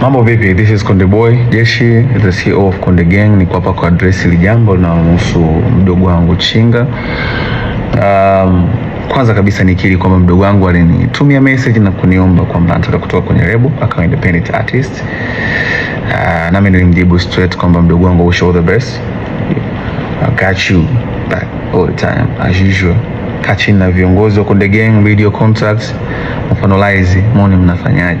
Mambo vipi? This is Konde Boy Jeshi, the CEO of Konde Gang. Niko hapa kwa address hili jambo na linalomhusu mdogo wangu Chinga. Um, kwanza kabisa nikiri kwamba mdogo wangu alinitumia message na kuniomba kwamba anataka kutoka kwenye lebo akawa independent artist. Uh, nami nilimjibu straight kwamba mdogo wangu, wish all the best. I got you back all the time as usual. Kachini na viongozi wa Konde Gang, video contacts, mfano laizi, mwone mnafanyaje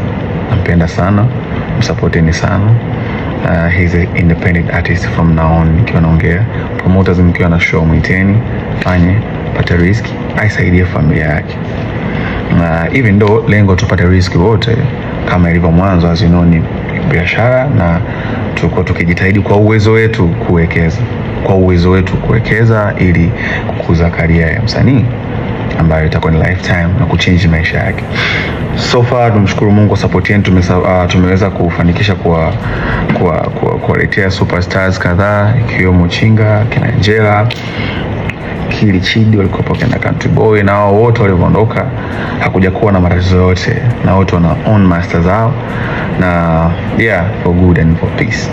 napenda sana, msapoteni sana uh, he's an independent artist from now on. Nikiwa naongea promoters, mkiwa na show mwiteni, fanye pata risk aisaidie familia yake na uh, even though lengo tupate riski wote kama ilivyo mwanzo, as you know, ni biashara na tuko tukijitahidi kwa uwezo wetu kuwekeza kwa uwezo wetu kuwekeza ili kukuza karia ya msanii ambayo itakuwa ni lifetime na kuchange maisha yake. So far tumshukuru Mungu kwa support yetu, uh, tumeweza kufanikisha kwa kwa kuwaletea superstars kadhaa ikiwemo Chinga, kina Angela Kili walikuwa pokea na Country Boy na wao wote walivyoondoka hakuja kuwa na matatizo yote, na wote wana own master zao na yeah for good and for peace.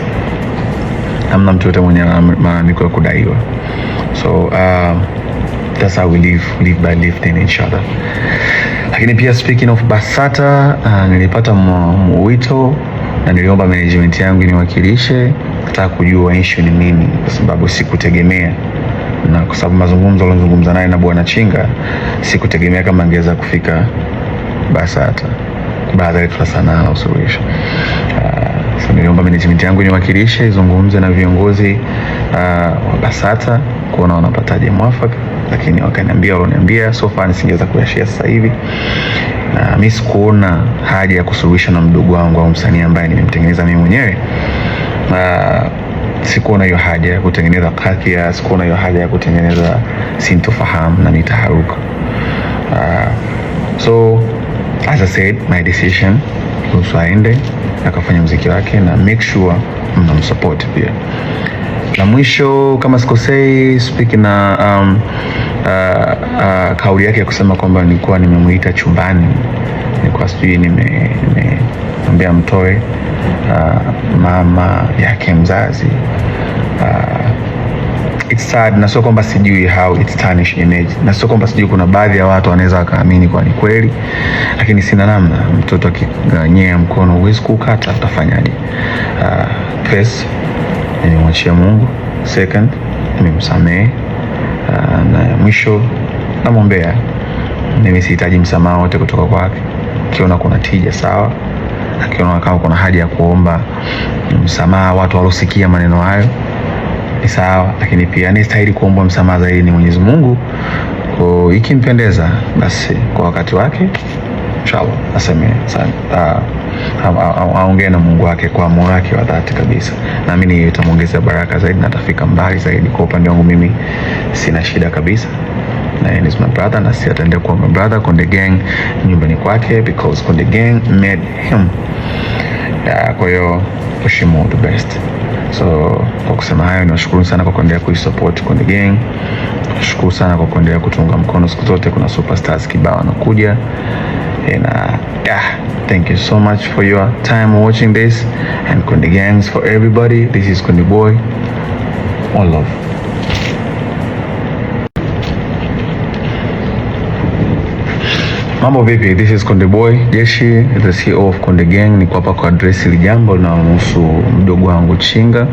Hamna mtu yote mwenye malalamiko ya kudaiwa so uh, that's how we live, we live by lifting each other. Lakini pia speaking of BASATA uh, nilipata mwito na niliomba management yangu niwakilishe, nataka kujua issue ni nini, kwa sababu sikutegemea na kwa sababu mazungumzo alizungumza naye na Bwana Chinga, sikutegemea kama angeweza kufika BASATA. Baada ya sanaa na usuluhisho uh, so niliomba management yangu niwakilishe, izungumze na viongozi uh, wa BASATA kuona wanapataje mwafaka lakini wakaniambia waloniambia so far nisingeweza kuyashia sasa hivi, na mimi sikuona haja ya kusuluhisha na mdogo wangu au msanii ambaye nimemtengeneza mimi mwenyewe na sikuona hiyo haja ya kutengeneza kadhia, sikuona hiyo haja ya kutengeneza sintofahamu na nitaharuka. Uh, so as I said my decision kuhusu aende akafanya muziki wake na make sure mnamsupoti pia la mwisho kama sikosei, spiki na um, uh, uh, kauli yake ya kusema kwamba nilikuwa nimemuita chumbani, nilikuwa sijui nimeambia nime mtoe uh, mama yake mzazi uh, it's sad, na sio kwamba sijui how it's tarnish image, na sio kwamba sijui, kuna baadhi ya watu wanaweza wakaamini kwa ni kweli, lakini sina namna. Mtoto akinyea mkono huwezi kukata, utafanyaje? uh, nimemwachia Mungu. Second, nimemsamehe ah, na mwisho namwombea. Mimi sihitaji msamaha wote kutoka kwake. Akiona kuna tija sawa, akiona kama kuna haja ya kuomba msamaha watu walosikia maneno hayo ni sawa, lakini pia ni stahili kuomba msamaha zaidi ni Mwenyezi Mungu, ikimpendeza basi kwa wakati wake inshallah aseme sana aongee na Mungu wake kwa moyo wake wa dhati kabisa. Naamini itamwongezea baraka zaidi na atafika mbali zaidi. Kwa upande wangu mimi sina shida kabisa na yeye ni my brother na si ataendea kuwa my brother. Konde Gang nyumbani kwake because Konde Gang made him. Kwa hiyo heshimu the best. So kwa kusema hayo, niwashukuru sana kwa kuendelea kuisupport Konde Gang. Nashukuru sana kwa kuendelea kutunga mkono siku zote. Kuna superstars kibao wanakuja and uh, yeah thank you so much for your time watching this and Kundi Gangs for everybody this is Kundi Boy all love Mambo vipi? This is Konde Boy Jeshi, the CEO of Konde Gang. Niko hapa kwa address ili jambo linalomhusu mdogo wangu Chinga.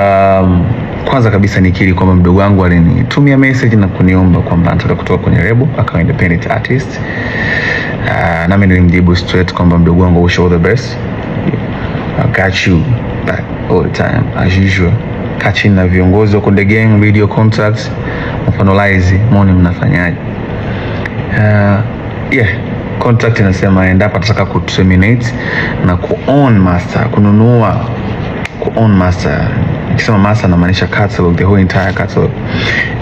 Um, kwanza kabisa nikiri kwamba mdogo wangu alinitumia message na kuniomba kwamba anataka kutoka kwenye lebo akawa independent artist. Uh, nami nilimjibu straight kwamba mdogo wangu, wish all the best. I catch you back all the time as usual. Kachi na viongozi wa Konde Gang, video contacts, mfano laizi moni, mnafanyaje? Uh, yeah contact inasema endapo atataka ku terminate na ku own master kununua ku own master Nikisema master namaanisha catalog, the whole entire catalog,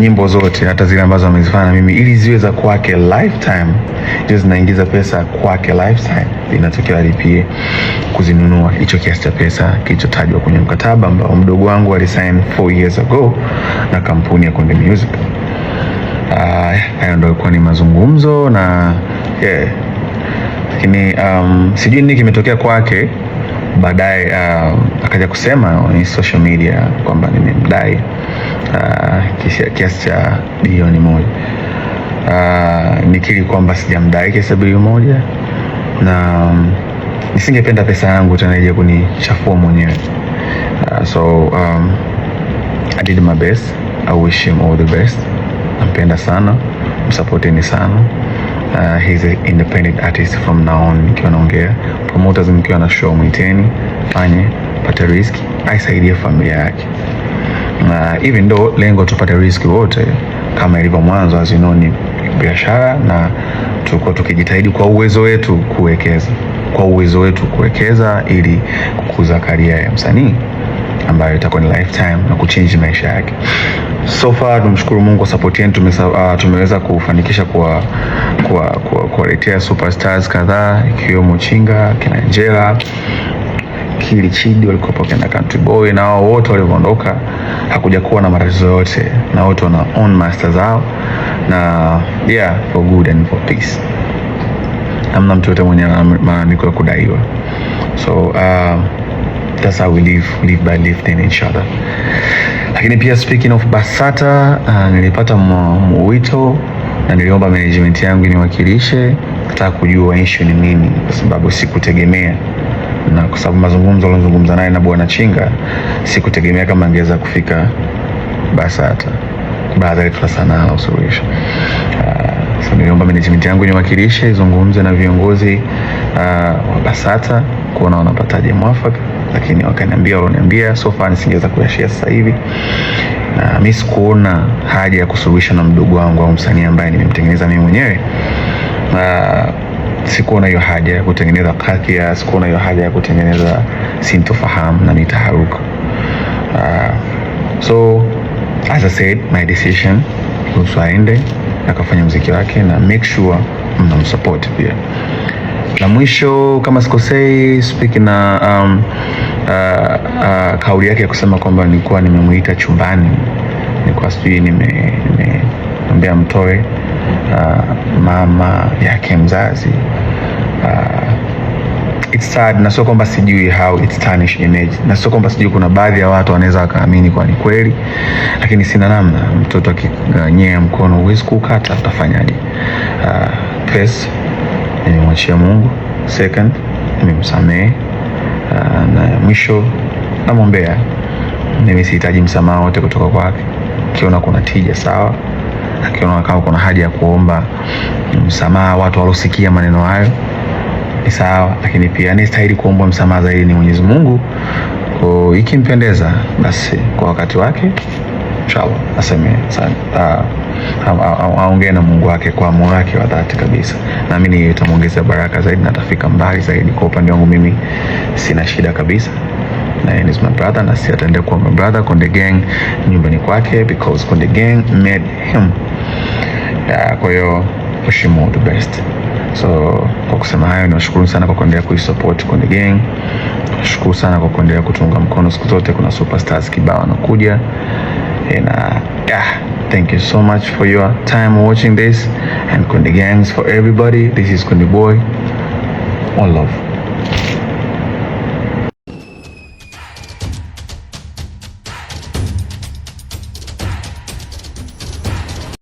nyimbo zote, hata zile ambazo amezifanya mimi, ili ziweza za kwake lifetime, hizo zinaingiza pesa kwake lifetime, inatokea alipie kuzinunua hicho kiasi cha pesa kilichotajwa kwenye mkataba ambao mdogo wangu alisign 4 years ago na kampuni ya Konde Music. Uh, hayo ndio ilikuwa ni mazungumzo na yeah. Lakini um, sijui nini kimetokea kwake baadaye uh, akaja kusema ni social media kwamba nimemdai uh, kiasi cha bilioni moja. Uh, nikiri kwamba sijamdai kiasi cha bilioni moja na um, nisingependa pesa yangu tena ije kunichafua mwenyewe. Uh, so um, I did my best. I wish him all the best. Nampenda sana, msapoteni sana. Uh, he's an independent artist from now on. Nikiwa naongea promoters, nikiwa na show mwiteni, fanye pate risk aisaidie familia yake, na even though lengo tupate risk wote kama ilivyo mwanzo, as you know, ni biashara na tuko tukijitahidi kwa uwezo wetu kuwekeza kwa uwezo wetu kuwekeza ili kukuza karia ya msanii ambayo itakuwa ni lifetime na kuchange maisha yake. So far tumshukuru Mungu kwa support yetu, uh, tumeweza kufanikisha kwa kuwaletea superstars kadhaa ikiwemo Chinga kina Angela Kili Chidi walikuwepo kina Country Boy, na wao wote walivyoondoka hakuja kuwa na matatizo yote, na wote wana own master zao, na yeah for good and for peace. Hamna mtu yote mwenye malalamiko ya kudaiwa, so uh, that's how we live live by lifting each other. Lakini pia speaking of Basata uh, nilipata mwito na niliomba management yangu niwakilishe, nataka kujua issue ni nini, kwa sababu sikutegemea na kwa sababu mazungumzo alizungumza naye na bwana Chinga, sikutegemea kama angeweza kufika BASATA baada ya sana na usuluhisho. Uh, ah, so niliomba management yangu niwakilishe, izungumze na viongozi uh, wa BASATA kuona wanapataje mwafaka, lakini wakaniambia walioniambia, so far nisingeweza kuyashia sasa hivi na ah, mi sikuona haja ya kusuluhisha na mdogo wangu au msanii ambaye nimemtengeneza mimi mwenyewe. na ah, sikuona hiyo haja ya kutengeneza kathia sikuona hiyo haja ya kutengeneza sintofahamu na mitaharuka. Uh, so as I said my decision kuhusu aende akafanya mziki wake na make sure mnamsupport pia na mwisho kama sikosei spiki na um, uh, uh, kauli yake ya kusema kwamba nilikuwa nimemuita chumbani, nilikuwa sijui nimeambia mtoe uh, mama yake mzazi uh, it's sad, na sio kwamba sijui how it's tarnish image, na sio kwamba sijui, kuna baadhi ya watu wanaweza wakaamini kwa ni kweli, lakini sina namna. Mtoto akinyea mkono huwezi kukata, utafanyaje? uh, kumwachia Mungu. Second, nimemsamehe ah, na mwisho namwombea. Mimi sihitaji msamaha wote kutoka kwake. Akiona kuna tija sawa, akiona kama kuna haja ya kuomba msamaha watu walosikia maneno hayo ni sawa, lakini pia ni stahili kuomba msamaha zaidi ni Mwenyezi Mungu, kwa ikimpendeza, basi kwa wakati wake inshallah asemee sana aongee na Mungu wake kwa moyo wake wa dhati kabisa. Naamini itamwongezea baraka zaidi na atafika mbali zaidi. Kwa upande wangu mimi sina shida kabisa na yeye ni my brother na si ataende kwa my brother. Konde Gang nyumbani kwake because Konde Gang made him. Kwa hiyo heshimu the best. So kwa kusema hayo, niwashukuru sana kwa kuendelea kuisupport Konde Gang. Nashukuru sana kwa kuendelea kutunga mkono siku zote. Kuna superstars kibao wanakuja eh, na yeah, thank you so much for your time watching this and Kundi gangs for everybody this is Kundi boy All love